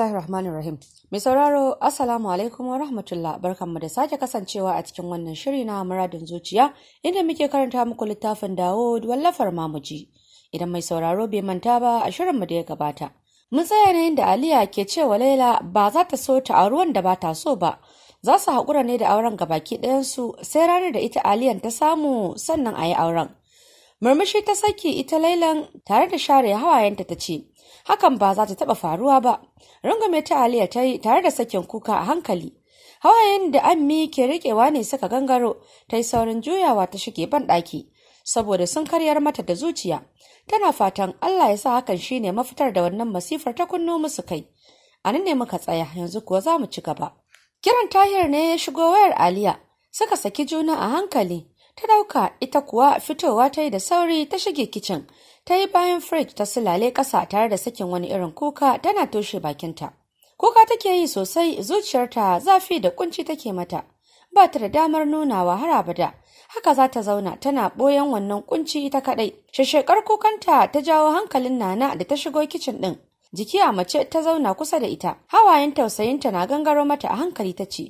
bismillahir rahmanir rahim mai sauraro assalamu alaikum wa rahmatullah barkanmu da sake kasancewa a cikin wannan shiri na muradin zuciya inda muke karanta muku littafin dawo wallafar mamuji idan mai sauraro bai manta ba a shirinmu da ya gabata mun tsaya ne da aliya ke cewa laila ba za ta so ta auri wanda ba ta so ba za su haƙura ne da auren ga gabaki ɗayansu sai ranar da ita aliyan ta samu sannan a yi auren murmushi ta saki ita lailan tare da share hawayenta ta ce hakan ba za ta taba faruwa ba rungume ta aliya ta yi tare da sakin kuka a hankali hawayen da ammi ke riƙewa ne suka gangaro ta yi saurin juyawa ta shige ban ɗaki saboda sun karyar mata da zuciya tana fatan allah ya sa hakan shine mafitar da wannan masifar ta kunno musu kai a nan ne muka tsaya yanzu kuwa za mu ci gaba kiran tahir ne ya shigo wayar aliya suka saki juna a hankali ta ɗauka ita kuwa fitowa ta yi da sauri ta shige kicin ta yi bayan fridge ta silale ƙasa tare da sakin wani irin kuka tana toshe bakinta kuka take yi sosai zuciyarta zafi da kunci take mata ba ta da damar nunawa har abada haka za ta zauna tana ɓoyan wannan kunci ita kaɗai shashekar kukanta ta jawo hankalin nana da ta shigo kicin ɗin jiki a mace ta zauna kusa da ita hawayen tausayinta na gangaro mata a hankali ta ce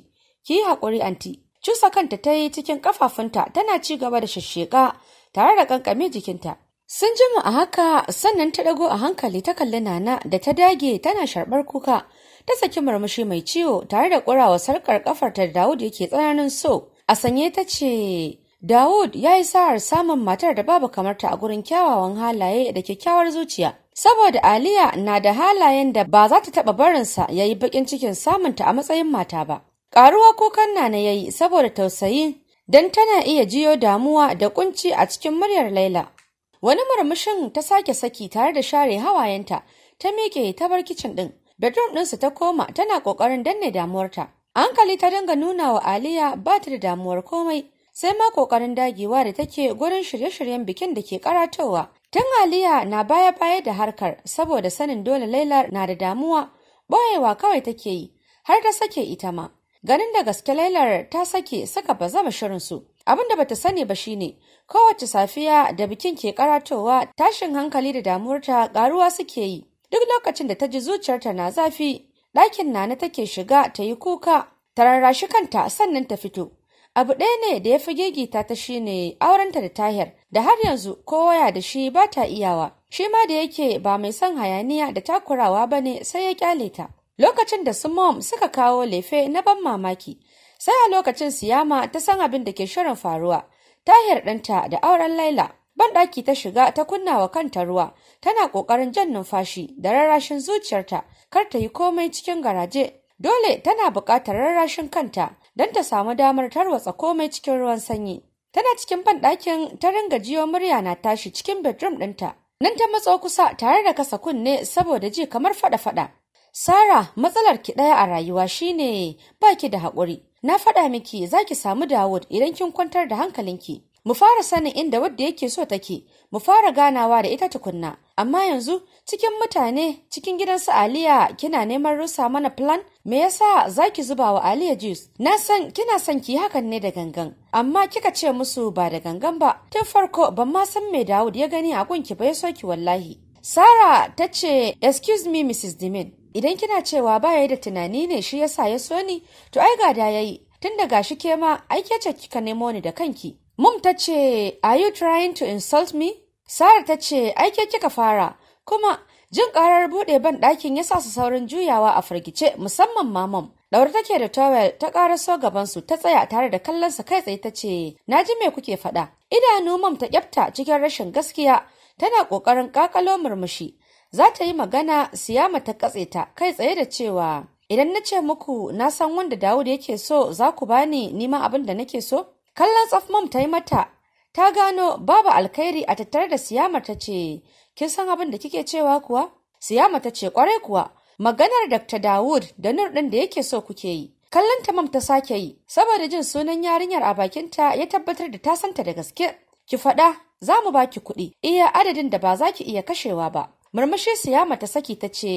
ki yi haƙuri anti cusa kanta ta yi cikin ƙafafunta tana ci gaba da shashsheka tare da ƙanƙame jikinta Sun jima a haka sannan ta ɗago a hankali ta kalli Nana da ta dage tana sharɓar kuka. Ta saki murmushi mai ciwo tare da ƙurawa sarƙar ƙafar ta Dawud yake tsananin so. A sanye ta ce, Dawud ya yi sa'ar samun matar da babu kamar ta a gurin kyawawan halaye da kyakkyawar zuciya. Saboda Aliya na da halayen da ba za ta taɓa barinsa ya yi baƙin cikin samunta a matsayin mata ba. Ƙaruwa kukan Nana ya yi saboda tausayi don tana iya jiyo damuwa da kunci a cikin muryar Laila. wani murmushin ta sake saki tare da share hawayenta ta miƙe ta bar kicin ɗin bedroom ɗinsu ta koma tana ƙoƙarin danne damuwarta hankali ta dinga nuna wa aliya ba ta da damuwar komai sai ma ƙoƙarin dagewa da take gurin shirye-shiryen bikin da ke karatowa tun aliya na baya-baya da harkar saboda sanin dole lailar na da damuwa boyewa kawai take yi har ta sake ita ma ganin da gaske lailar ta sake suka ba zama shirinsu abinda bata sani ba shine Kowace safiya da bikin ke karatowa tashin hankali da damuwarta karuwa suke yi. Duk lokacin da ta ji zuciyarta na zafi, ɗakin nana take shiga ta yi kuka, ta rarrashi kanta sannan ta fito. Abu ɗaya ne da ya fi gegita ta shine aurenta da Tahir, da har yanzu ko waya da shi ba ta iyawa. Shi ma da yake ba mai son hayaniya da takurawa ba ne sai ya kyale ta. Lokacin da su suka kawo lefe na ban mamaki, sai a lokacin siyama ta san abin da ke shirin faruwa. tahir ɗanta da auren laila banɗaki ta shiga ta kunna wa kanta ruwa tana ƙoƙarin jan numfashi da rarrashin zuciyarta kar ta yi komai cikin garaje dole tana buƙatar rarrashin kanta don ta samu damar tarwatsa komai cikin ruwan sanyi tana cikin banɗakin ta ringa jiyo murya na tashi cikin bedroom ɗinta nan ta matso kusa tare da kasa kunne saboda ji kamar faɗa-faɗa Sara matsalar ki ɗaya a rayuwa shine ba ki da haƙuri na faɗa miki za ki samu Dawud idan kin kwantar da hankalinki. Mu fara sanin inda wadda yake so take, mu fara ganawa da ita tukunna. Amma yanzu cikin mutane cikin gidan su Aliya kina neman rusa mana plan? Me yasa za ki zuba wa Aliya jus? Na san kina son ki hakan ne da gangan, amma kika ce musu ba da gangan ba. Tun farko ban ma san me Dawud ya gani a gunki ba ya so ki wallahi. Sara ta ce, "Excuse me Mrs. Dimin, idan kina cewa ba ya da tunani ne shi ya sa ya so ni to ai ga da yayi tun da gashi ke ma ai ke ce kika nemo ni da kanki mum ta ce are you trying to insult me sara ta ce ai ke kika fara kuma jin karar bude ban dakin ya sa su saurin juyawa a firgice musamman mamam Daura take da towel ta karaso su ta tsaya tare da kallon sa kai tsaye ta ce, Na ji me kuke faɗa. Idanu mam ta kyafta cikin rashin gaskiya tana ƙoƙarin ƙaƙalo murmushi. za ta yi magana siyama ta katse ta kai tsaye da cewa idan na ce muku na san wanda Dawud yake so za ku bani nima abin da nake so? Kallon tsaf mam ta yi mata, ta gano babu alkhairi a tattare da siyama ta ce, kin san abin da kike cewa kuwa? Siyama ta ce kwarai kuwa, maganar Dr. Dawud da nur din da yake so kuke yi. Kallon mam ta sake yi, saboda jin sunan yarinyar a bakinta ya tabbatar da ta santa da gaske. Ki faɗa, za mu baki kuɗi, iya adadin da ba za ki iya kashewa ba. murmushi siyama ta saki ta ce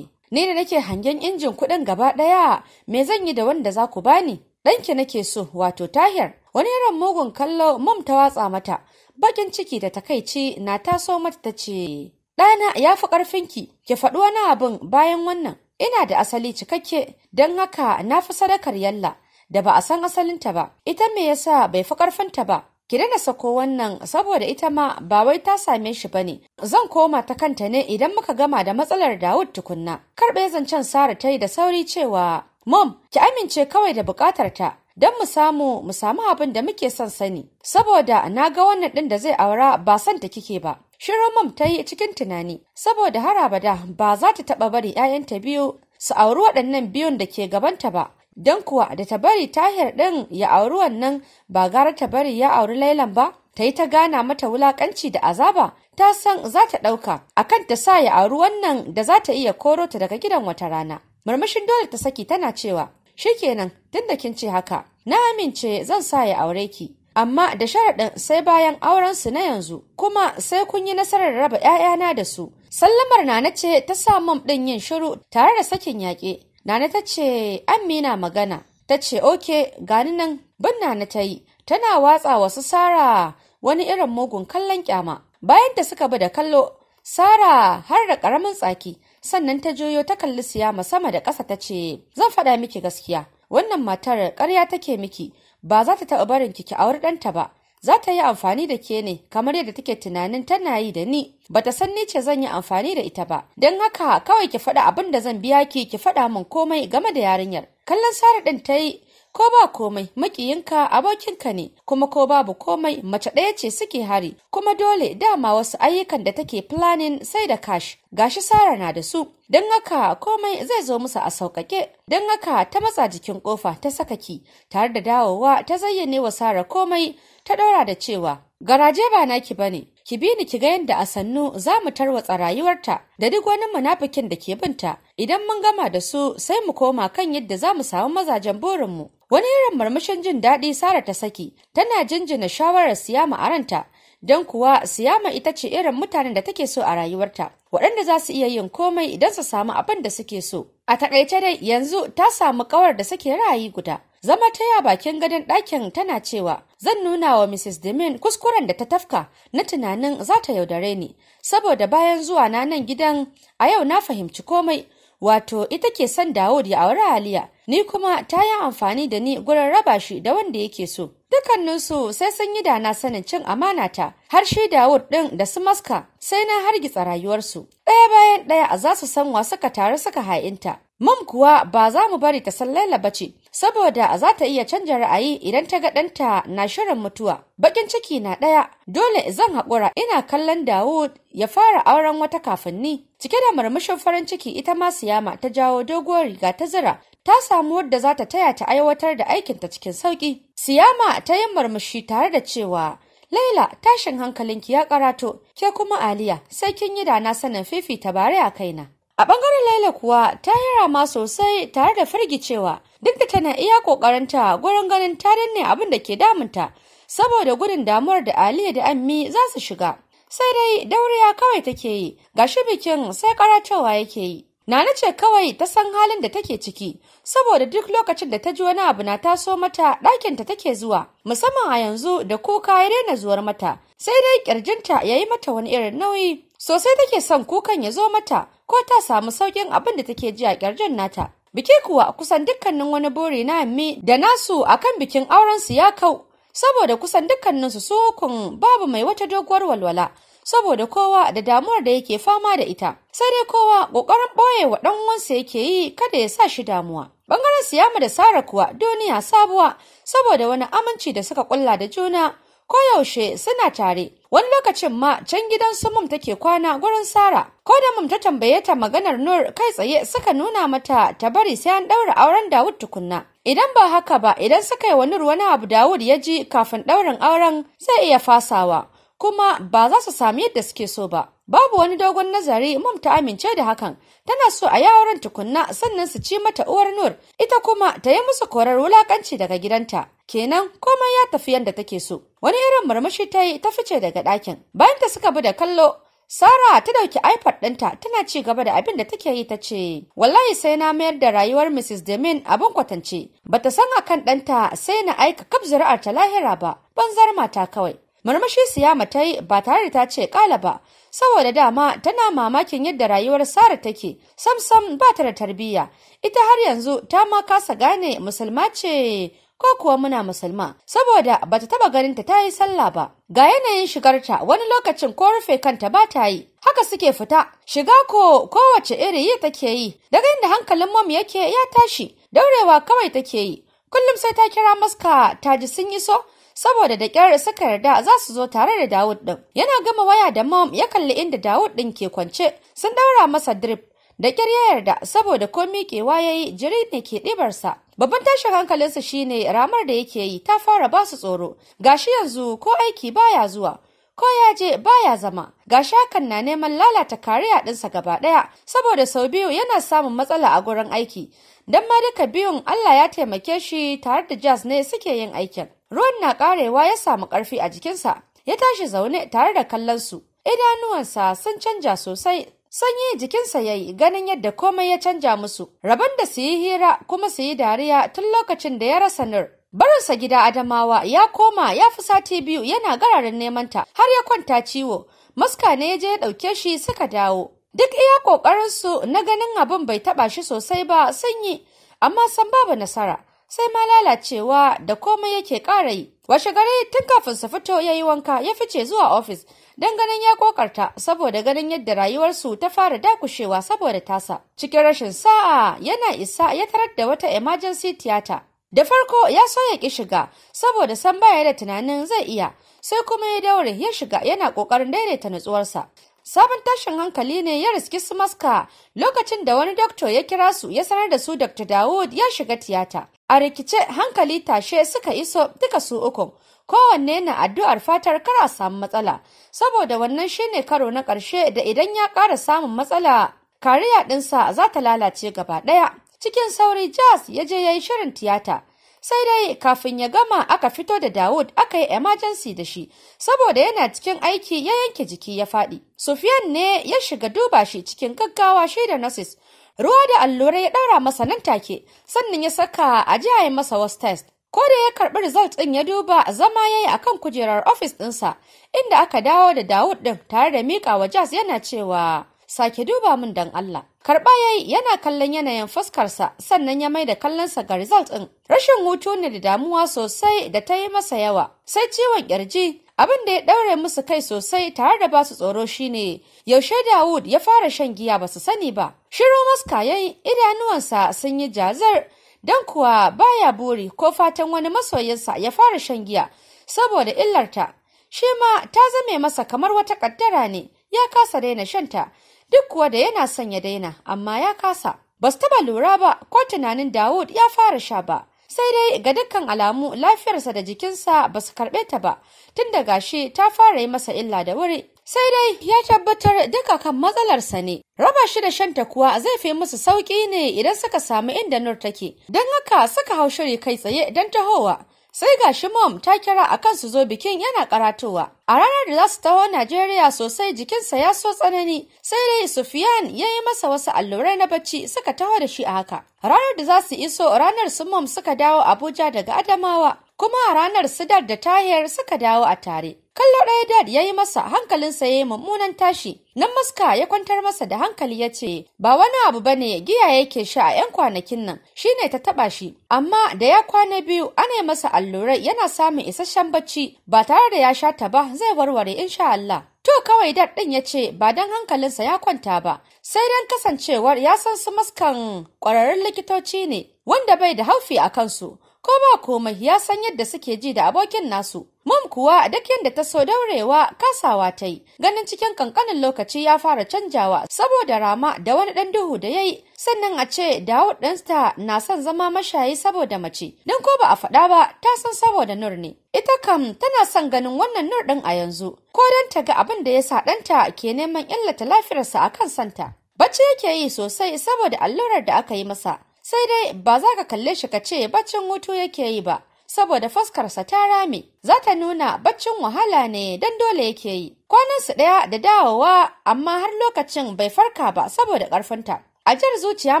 ni da nake hangen injin kuɗin gaba ɗaya me zan yi da wanda za ku bani ɗanki nake so wato tahir wani yaron mugun kallo mum ta watsa mata bakin ciki da takaici na taso mata ta ce ɗana ya fi ƙarfinki ki faɗi wani abin bayan wannan ina da asali cikakke don haka na fi sadakar yalla da ba a san asalinta ba ita me yasa bai fi ƙarfinta ba ki daina sako wannan saboda ita ma ba wai ta same shi ba ne zan koma ta kanta ne idan muka gama da matsalar dawud tukunna karɓe zancen sara ta yi da sauri cewa mom ki amince kawai da buƙatar ta don mu samu mu samu abin da muke son sani saboda na ga wannan ɗin da zai aura ba son ta kike ba shirin mom ta yi cikin tunani saboda har abada ba za ta taɓa bari 'ya'yanta biyu su auri waɗannan biyun da ke gabanta ba don kuwa da ta bari tahir ɗin ya auri wannan ba gara ta bari ya auri lailan ba ta yi ta gana mata wulakanci da azaba ta san za ta ɗauka kan ta sa ya auri wannan da za ta iya koro ta daga gidan wata rana murmushin dole ta saki tana cewa shikenan tun da kin ce haka na amince zan sa ya aure ki amma da sharaɗin sai bayan auren su na yanzu kuma sai kun yi nasarar raba 'ya'yana da su sallamar na ce ta sa mam ɗin yin shiru tare da sakin yaƙe Nana ta ce, Amina magana, ta ce, Oke, gani nan, bin Nana ta yi, tana watsa wasu Sara wani irin mugun kallon kyama. Bayan da suka bi da kallo, Sara har da ƙaramin tsaki, sannan ta juyo ta kalli siya ma sama da ƙasa ta ce, Zan faɗa miki gaskiya, wannan matar ƙarya take miki, ba za ta taɓa barin ki a wurin ɗanta ba, za ta yi amfani da ke ne kamar yadda take tunanin tana yi da ni bata san ni ce zan yi amfani da ita ba don haka kawai ki faɗa abin da zan biya ki ki faɗa min komai game da yarinyar kallon sara ɗin ta yi ko ba komai makiyinka abokinka ne kuma ko babu komai mace ɗaya ce suke hari kuma dole dama wasu ayyukan da take planning sai da cash gashi Sara na da su don haka komai zai zo musu a sauƙaƙe don haka ta matsa jikin ƙofa ta saka ki tare da dawowa ta zayyane wa Sara komai ta ɗora da cewa garaje ba naki bane ki bi ni ki ga yadda a sannu za mu tarwatsa rayuwarta da duk wani munafikin da ke binta idan mun gama da su sai mu koma kan yadda za mu samu mazajen burinmu Wani irin murmushin jin daɗi Sara ta saki, tana jinjina shawarar Siyama a ranta, don kuwa Siyama ita ce irin mutanen da take so a rayuwarta, waɗanda za su iya yin komai idan su samu abin da suke so. A taƙaice dai yanzu ta samu ƙawar da suke ra'ayi guda. Zama ta ya bakin gadon ɗakin tana cewa, Zan nuna wa Mrs. Demin kuskuren da ta tafka na tunanin za ta yaudare ni, saboda bayan zuwa na nan gidan a yau na fahimci komai wato ita ke son Dawud ya aure Aliya ni kuma ta yi amfani da ni gurin raba shi da wanda yake so dukkaninsu sai sun yi da sanin cin amana ta har shi Dawud din da su maska sai na hargitsa rayuwarsu ɗaya bayan ɗaya a za su san wa suka taru suka ha'inta Mum kuwa ba za mu bari ta san laila ba ce, saboda za ta iya canja ra'ayi idan ta ga ɗanta na shirin mutuwa. Bakin ciki na ɗaya, dole zan haƙura ina kallon Dawud ya fara auren wata kafin ni. Cike da murmushin farin ciki ita ma siyama ta jawo doguwar riga ta zira, ta samu wadda za ta taya ta aiwatar da aikinta cikin sauƙi. Siyama ta yi murmushi tare da cewa, Laila tashin hankalinki ya karato, ke kuma Aliya sai kin yi da na sanin fifita bare a kaina. A ɓangaren Laila kuwa ta yi rama sosai tare da firgicewa duk da tana iya ƙoƙarinta gurin ganin ta danne abin da ke damunta saboda gudun damuwar da aliya da Ammi za su shiga. Sai dai dauriya kawai take yi, gashi bikin sai karatowa yake yi. Nana ce kawai ta san halin da take ciki, saboda duk lokacin da ta ji wani abu na taso mata ɗakinta take zuwa, musamman a yanzu da kuka ya daina zuwar mata, sai dai ƙirjinta ya yi mata wani irin nauyi, sosai take son kukan ya zo mata, ko ta samu saukin abin da take ji a ƙyarjin nata. Biki kuwa kusan dukkanin wani buri na mi da nasu a kan bikin auren su ya kau, saboda kusan dukkanin su hukun babu mai wata doguwar walwala. saboda kowa da damuwar da yake fama da ita sai dai kowa ƙoƙarin boye wa dan uwansa yake yi kada ya sa shi damuwa bangaren siyama da sara kuwa duniya sabuwa saboda wani aminci da suka kulla da juna koyaushe suna tare wani lokacin ma can gidan su mum take kwana gurin Sara. Ko da mum ta tambaye ta maganar Nur kai tsaye suka nuna mata ta bari sai an daura auren Dawud tukunna. Idan ba haka ba idan suka yi wa Nur wani abu Dawud ya ji kafin daurin auren zai iya fasawa kuma ba za su sami yadda suke so ba. Babu wani dogon nazari Imam ta amince da hakan, tana so a yawaran tukunna sannan su ci mata uwar Nur, ita kuma ta yi musu korar wulakanci daga gidanta. Kenan komai ya tafi yadda take so. Wani irin murmushi ta yi ta fice daga ɗakin. Bayan ta suka bi da kallo, Sara ta dauki iPad ɗinta tana ci gaba da abin da take yi ta ce, Wallahi sai na mayar da rayuwar Mrs. Demin abin kwatance, bata san akan ɗanta sai na aika kaf zuri'ar ta lahira ba, banzar mata kawai. Murmushi siyama ta yi ba tare da ta ce ƙala ba, saboda dama tana mamakin yadda rayuwar Sara take samsam ba ta da tarbiyya ita har yanzu ta ma kasa gane musulma ce ko kuwa muna musulma saboda ba ta taba ganin ta yi sallah ba ga yanayin shigarta wani lokacin ko rufe kanta ba ta yi haka suke fita shiga ko kowace iri yi take yi daga inda hankalin mom yake ya tashi daurewa kawai take yi kullum sai ta kira maska ta ji sun yi so saboda da kyar suka yarda za su zo tare da Dawud din. Yana gama waya da mom ya kalli inda Dawud din ke kwance sun daura masa drip da kyar ya yarda saboda ko miƙewa ya yi jiri ne ke ɗibarsa. Babban tashin hankalinsa shine ramar da yake yi ta fara ba su tsoro gashi yanzu ko aiki baya zuwa. ko ya je baya zama ga shakan na neman lalata kariya ɗinsa gaba ɗaya saboda sau biyu yana samun matsala a gurin aiki don ma duka biyun Allah ya taimake shi tare da jazz ne suke yin aikin ruwan na ƙarewa ya samu ƙarfi a jikinsa ya tashi zaune tare da kallon su idanuwansa sun canja sosai sanyi jikinsa ya yi ganin yadda komai ya canja musu rabon da su yi hira kuma su yi dariya tun lokacin da ya rasa nur Barinsa gida Adamawa ya koma ya fi sati biyu yana gararin nemanta har ya kwanta ciwo. Maska ne ya je ya ɗauke shi suka dawo. Duk iya ƙoƙarinsu na ganin abin bai taɓa shi sosai ba sun yi, amma san babu nasara. Sai ma lalacewa da komai yake ƙara yi. Washe gare tun kafin su fito ya yi wanka ya fice zuwa ofis don ganin ya ƙoƙarta saboda ganin yadda rayuwarsu ta fara dakushewa saboda tasa. Cikin rashin sa'a yana isa ya tarar da wata emergency theater Da farko ya so ya ƙi shiga saboda san baya da tunanin zai iya sai kuma ya daure ya shiga yana ƙoƙarin daidaita nutsuwarsa. Sabon tashin hankali ne ya riski su maska lokacin da wani doktor ya kira su ya sanar da su Dr. Dawud ya shiga tiyata. A rikice hankali tashe suka iso duka su ukun. Kowanne na addu'ar fatar kar a samu matsala, saboda wannan shine karo na ƙarshe da idan ya ƙara samun matsala, kariya ɗinsa za ta lalace gaba ɗaya. cikin sauri Jazz ya je ya yi shirin tiyata. Sai dai kafin ya gama aka fito da Dawud aka yi emergency da shi, saboda yana cikin aiki ya yanke jiki ya faɗi. Sufyan ne ya shiga duba shi cikin gaggawa shi da nurses. Ruwa da allurai ya ɗaura masa nan take, sannan ya saka a jihar masa wasu test. Ko da ya karɓi result ɗin ya duba zama ya yi a kan kujerar ofis ɗinsa, inda aka dawo da Dawud ɗin tare da miƙa wa Jazz yana cewa sake duba min don Allah. Karɓa yayi yana kallon yanayin fuskarsa sannan ya mai da kallonsa ga result ɗin. Rashin hutu ne da damuwa sosai da ta yi masa yawa. Sai ciwon ƙirji abin da ya ɗaure musu kai sosai tare da basu tsoro shine yaushe Dawud ya fara shan giya basu sani ba. Shiru maska yayi idanuwansa sun yi jazar don kuwa baya buri ko fatan wani masoyinsa ya fara shan giya saboda illarta. Shi ma ta zame masa kamar wata ƙaddara ne ya kasa daina shanta duk kuwa da yana son ya daina amma ya kasa ba su taba lura ba ko tunanin Dawud ya fara sha ba sai dai ga dukkan alamu lafiyarsa da jikinsa ba su karɓe ta ba tun da gashi ta fara yi masa illa da wuri sai dai ya tabbatar duka kan matsalarsa ne raba shi da shanta kuwa zai fi musu sauƙi ne idan suka samu inda nur take don haka suka hau shiri kai tsaye don tahowa sai ga shi mom ta kira a kan su zo bikin yana karatowa a ranar da za su taho najeriya sosai jikinsa ya so tsanani sai dai sufiyan ya yi masa wasu allurai na bacci suka taho da shi a haka ranar da za su iso ranar su mom suka dawo abuja daga adamawa kuma ranar sidar da tahir suka dawo a tare Kallo ɗaya dad ya yi masa hankalinsa ya yi mummunan tashi. Nan maska ya kwantar masa da hankali ya ce, Ba wani abu ba ne giya yake sha a ‘yan kwanakin nan, shi ne ta taɓa shi. Amma da ya kwana biyu ana masa allurai yana samun isasshen bacci ba tare da ya sha ta ba zai warware insha Allah. To kawai dad ɗin ya ce ba dan hankalinsa ya kwanta ba, sai dan kasancewar ya san su maskan kwararrun likitoci ne, wanda bai da haufi a kansu. ko ba komai ya san yadda suke ji da abokin nasu Mum kuwa duk yadda ta so daurewa kasawa ta yi ganin cikin kankanin lokaci ya fara canjawa saboda rama da wani ɗan duhu da ya yi. sannan a ce Dawud ɗinsta na son zama mashayi saboda mace don ko ba a faɗa ba ta san saboda nur ne ita kam tana son ganin wannan nur ɗin a yanzu ko don ta ga abin da ya sa ɗanta ke neman illata lafiyarsa a kan santa bacci yake yi sosai saboda allurar da aka yi masa sai dai ba za ka kalle shi ka ce baccin hutu yake yi ba saboda fuskarsa ta rame za ta nuna baccin wahala ne don dole yake yi kwanansu ɗaya da dawowa amma har lokacin bai farka ba saboda ƙarfinta a jar zuciya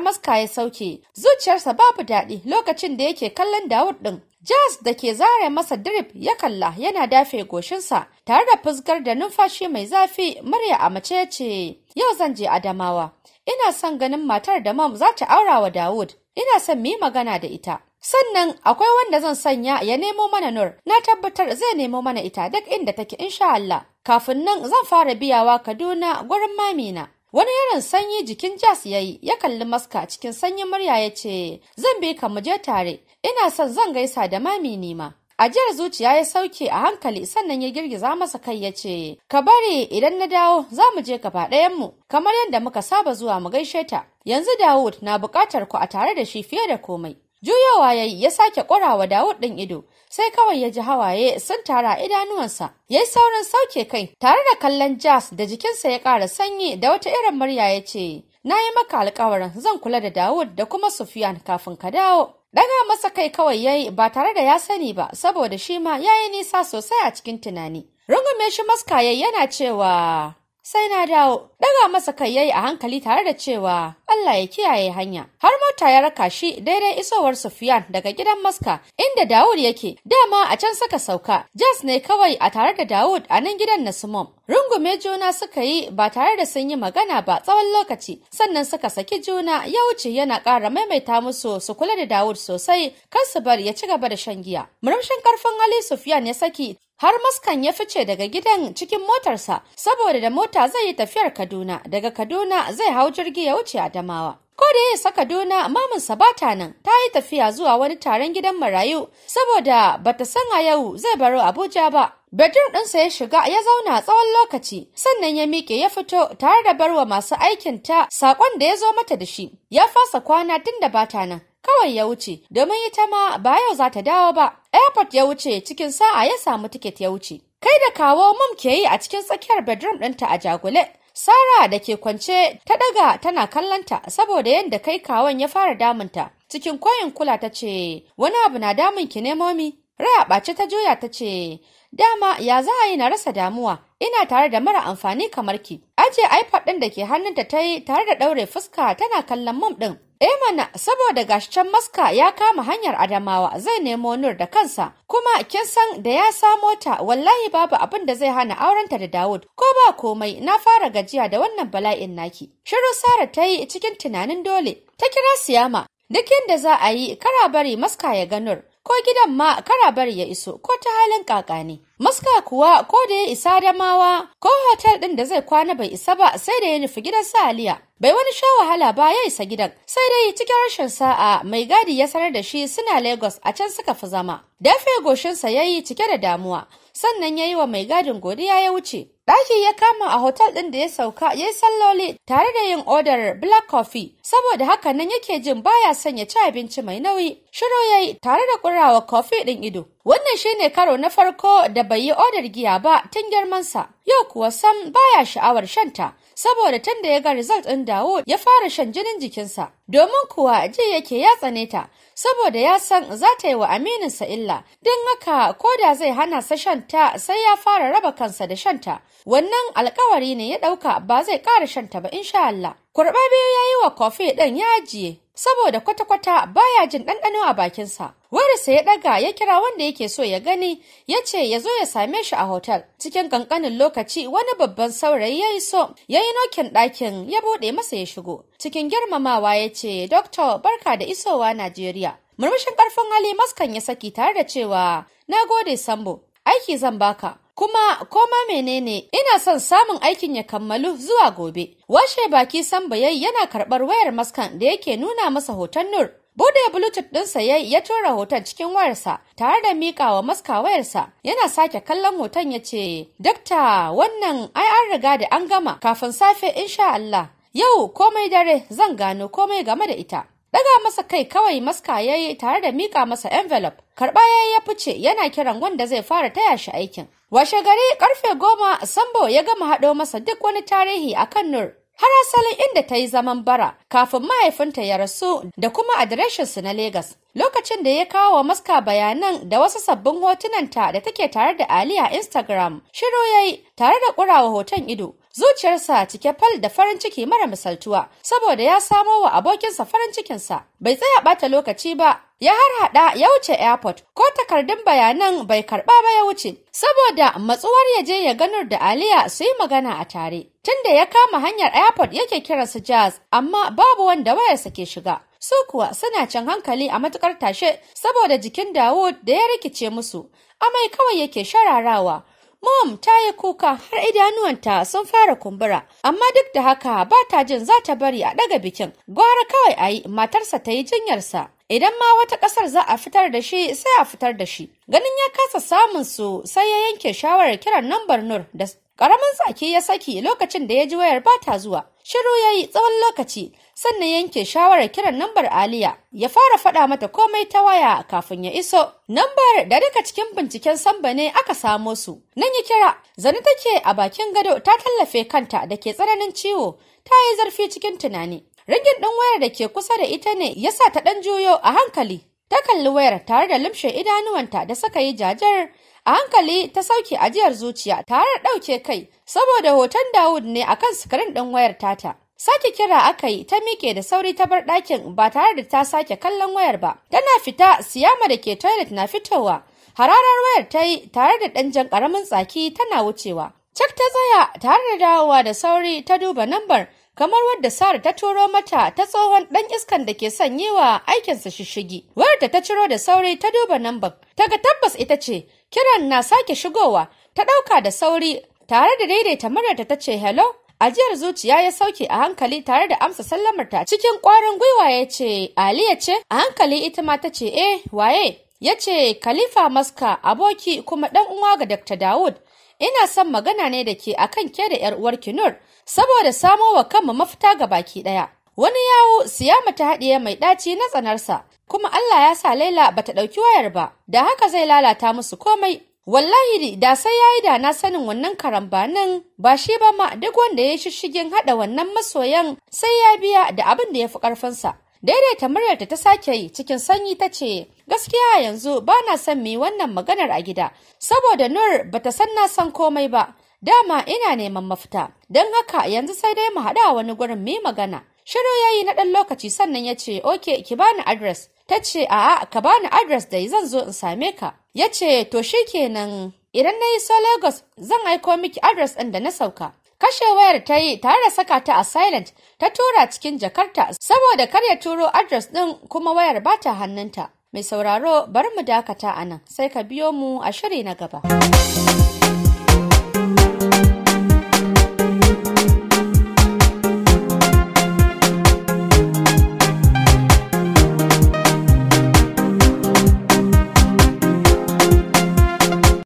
maska ya sauke zuciyarsa babu daɗi lokacin da yake kallon dawud ɗin jazz da ke zare masa drip ya kalla yana dafe goshinsa tare da fuskar da numfashi mai zafi murya a mace ce yau zan je adamawa ina son ganin matar da mam za ta aura wa Dawud, ina son mu magana da ita. Sannan akwai wanda zan sanya ya nemo mana Nur, na tabbatar zai nemo mana ita duk inda take insha Allah. Kafin nan zan fara biyawa Kaduna gurin mamina. Wani yaron sanyi jikin Jas ya yi, ya kalli maska cikin sanyin murya ya ce, Zan bi ka mu je tare, ina son zan gaisa da mami ma. ajiyar zuciya ya sauke a hankali sannan ya girgiza masa kai ya ce ka bari idan na dawo za mu je gaba mu kamar yadda muka saba zuwa mu gaishe ta yanzu dawud na buƙatar ku a tare da shi fiye da komai juyowa ya yi ya sake ƙurawa dawud ɗin ido sai kawai ya ji hawaye sun tara idanuwansa ya yi saurin sauke kai tare da kallon jas da jikinsa ya ƙara sanyi da wata irin murya ya ce na yi maka alkawarin zan kula da dawud da kuma sufiyan kafin ka dawo Daga masa kai kawai ya yi ba tare da ya sani ba saboda shi ma ya yi nisa sosai a cikin tunani. Rungume shi maskaye yana cewa sai na dawo daga masa kai yayi a hankali tare da cewa Allah ya kiyaye hanya har mota ya raka shi daidai isowar Sufyan daga gidan Maska inda Dawud yake dama a can saka sauka Jas ne kawai a tare da Dawud a nan gidan Nasmum rungume juna suka yi ba tare da sun yi magana ba tsawon lokaci sannan suka saki juna ya wuce yana ƙara maimaita musu su kula da Dawud sosai kar su bari ya ci gaba da shan giya murmushin karfin Ali Sufyan ya saki har maskan ya fice daga gidan cikin motarsa saboda da mota zai yi tafiyar Kaduna daga Kaduna zai hau jirgi ya wuce Adamawa. Ko da ya isa Kaduna mamansa ba ta nan ta yi tafiya zuwa wani taron gidan marayu saboda bata san a yau zai baro Abuja ba. Bedroom ɗinsa ya shiga ya zauna tsawon lokaci, sannan ya miƙe ya fito tare da barwa masu aikin ta saƙon da ya zo mata da shi. Ya fasa kwana tun da bata nan, kawai ya wuce, domin ita ma ba yau za ta dawo ba. airport ya wuce cikin sa'a ya samu tiket ya wuce kai da kawo mum ke yi a cikin tsakiyar bedroom ɗinta a jagule Sara da ke kwance ta ɗaga tana kallanta saboda yadda kai kawon ya fara damunta. Cikin koyin kula ta ce, wani abu na damun ki ne momi? Raya ɓace ta juya ta ce, dama ya za a yi na rasa damuwa, ina tare da mara amfani kamar ki. Aje iPad ɗin da ke hannunta ta yi tare da ɗaure fuska tana kallon mum ɗin. Eh mana, saboda gashi can maska ya kama hanyar Adamawa zai nemo Nur da kansa kuma kin san da ya samo ta wallahi babu abin da zai hana aurenta da Dawud ko ba komai na fara gajiya da wannan bala'in naki shiru Sara ta yi cikin tunanin dole ta kira Siyama duk yadda za a yi kara bari maska ya ganur. ko gidan ma kara bari ya iso ko ta halin kaka ne. Maska kuwa ko da ya isa damawa ko hotel ɗin da zai kwana bai isa ba sai da ya nufi gidan sa Aliya. Bai wani sha wahala ba ya isa gidan sai dai cikin rashin sa'a mai gadi ya sanar da shi suna Lagos a can suka fi zama. Dafe goshinsa ya yi cike da damuwa sannan ya yi wa mai gadin godiya ya wuce. Daki ya kama a hotel ɗin da ya sauka ya yi salloli tare da yin odar black coffee saboda haka nan yake jin baya son ya ci abinci mai nauyi shiro ya yi tare da ƙurawa coffee ɗin ido wannan shi ne karo na farko da bai yi odar giya ba tun girmansa yau kuwa sam baya sha'awar shanta saboda tun da ya ga result ɗin dawo ya fara shan jinin jikinsa domin kuwa ji yake ya tsane ta saboda ya san za ta yi wa amininsa illa don haka ko da zai hana sa shan ta sai ya fara raba kansa da shanta wannan alkawari ne ya ɗauka ba zai ƙara shanta ba insha Allah Kurɓa biyu ya yi wa kofi ɗin ya ajiye, saboda kwata-kwata baya jin ɗanɗano a bakinsa. Warisa ya ɗaga ya kira wanda yake so ya gani, ya ce ya zo ya same shi a hotel. Cikin ƙanƙanin lokaci wani babban saurayi ya so ya yi nokin ɗakin ya buɗe masa ya shigo. Cikin girmamawa ya ce, Doktor, barka da isowa Najeriya. Murmushin ƙarfin hali maskan ya saki tare da cewa, Na gode Sambo, aiki zan baka. kuma koma menene ina son samun aikin ya kammalu zuwa gobe washe baki san bayai yana karbar wayar maskan da yake nuna masa hoton nur Bude Bluetooth ɗinsa ya ya tura hoton cikin wayarsa tare da miƙawa wa maska wayarsa yana sake kallon hoton ya ce, Dakta wannan ai an riga da an gama kafin safe insha Allah. Yau komai dare zan gano komai game da ita. Daga masa kai kawai maska yayi tare da miƙa masa envelope. Karɓa yayi ya fice yana kiran wanda zai fara taya shi aikin. Washe gari karfe goma Sambo ya gama haɗo masa duk wani tarihi akan Nur. Har asalin inda ta yi zaman bara kafin mahaifinta ya rasu da kuma adireshinsu na Legas. Lokacin da ya kawo wa maska bayanan da wasu sabbin hotunanta da take tare da Ali a Instagram, shiru ya yi tare da ƙurawa hoton ido. Zuciyarsa cike fal da farin ciki mara misaltuwa, saboda ya samo wa abokinsa farin cikinsa. Bai tsaya ɓata lokaci ba, ya har harhaɗa ya wuce airport ko takardun bayanan bai karɓa ba ya wuce saboda matsuwar ya je ya ganar da Aliya su yi magana a tare. Tunda ya kama hanyar airport yake kira su jazz amma babu wanda wayarsa ke shiga. Su kuwa suna can hankali a matukar tashe saboda jikin Dawud da ya rikice musu. Amai kawai yake shararawa. Mom ta yi kuka har idanuwanta sun fara kumbura, amma duk da haka ba ta jin za ta bari a ɗaga bikin, gwara kawai a yi matarsa ta yi jinyarsa. idan ma wata ƙasar za a fitar da shi sai a fitar da shi ganin ya kasa samun su sai ya yanke shawarar kiran nambar nur da ƙaramin tsaki ya saki lokacin da ya ji wayar ba ta zuwa shiru ya yi tsawon lokaci sannan yanke shawarar kiran nambar aliya ya fara faɗa mata komai ta waya kafin ya iso nambar da duka cikin binciken samba ne aka samo su nan ya kira zane take a bakin gado ta tallafe kanta da ke tsananin ciwo ta yi zarfi cikin tunani Rigin ɗin wayar da ke kusa da ita ne ya sa ta ɗan juyo a hankali. Ta kalli wayar tare da limshe idanuwanta da suka yi jajar a hankali ta sauke ajiyar zuciya tare da ɗauke kai saboda hoton Dawud ne a kan sikirin ɗin wayar tata. Sake kira aka yi ta miƙe da sauri ta bar ɗakin ba tare da ta sake kallon wayar ba. Tana fita siyama da ke toilet na fitowa. Hararar wayar ta yi tare da ɗan jan ƙaramin tsaki tana wucewa. Cak ta tsaya tare da dawowa da sauri ta duba lambar kamar wadda Sara ta turo mata ta tsohon ɗan iskan da ke son yi wa aikinsa shishigi. Wadda ta ciro da sauri ta duba namban, ta ga tabbas ita ce, kiran na sake shigowa, ta ɗauka da sauri tare da daidaita muryarta ta ce hello. Ajiyar zuciya ya sauke a hankali tare da amsa sallamarta cikin ƙwarin gwiwa ya ce, Aliya ce, a hankali ita ma ta ce, eh, waye? Ya ce, Khalifa Maska, aboki kuma ɗan uwa ga Dr. Dawud, ina son magana ne da ke akan ke da ‘yar uwar Kinur. saboda samo wa kanmu mafita ga baki ɗaya. Wani yawo siyama ta haɗiye mai ɗaci na tsanarsa, kuma Allah ya sa Laila ta ɗauki wayar ba, da haka zai lalata musu komai. Wallahi da sai yayi da na sanin wannan karambanin ba shi ba ma duk wanda ya yi shishigin haɗa wannan masoyan sai ya biya da abin da ya fi ƙarfinsa. Daidaita muryarta ta sake yi cikin sanyi ta ce, Gaskiya yanzu ba na son mai wannan maganar a gida, saboda Nur bata san na san komai ba, dama ina neman mafita don haka yanzu sai dai mu haɗa wani gurin mai magana shiru yayi na ɗan lokaci sannan ya ce ok ki bani adres ta ce a'a ka bani adres da zan zo in same ka ya ce to kenan?' idan na yi so lagos zan aiko miki adres ɗin da na sauka kashe wayar ta yi tare da saka ta a silent ta tura cikin jakarta saboda kar ya turo adres ɗin kuma wayar ba ta hannunta mai sauraro bari mu dakata a nan sai ka biyo mu a shiri na gaba.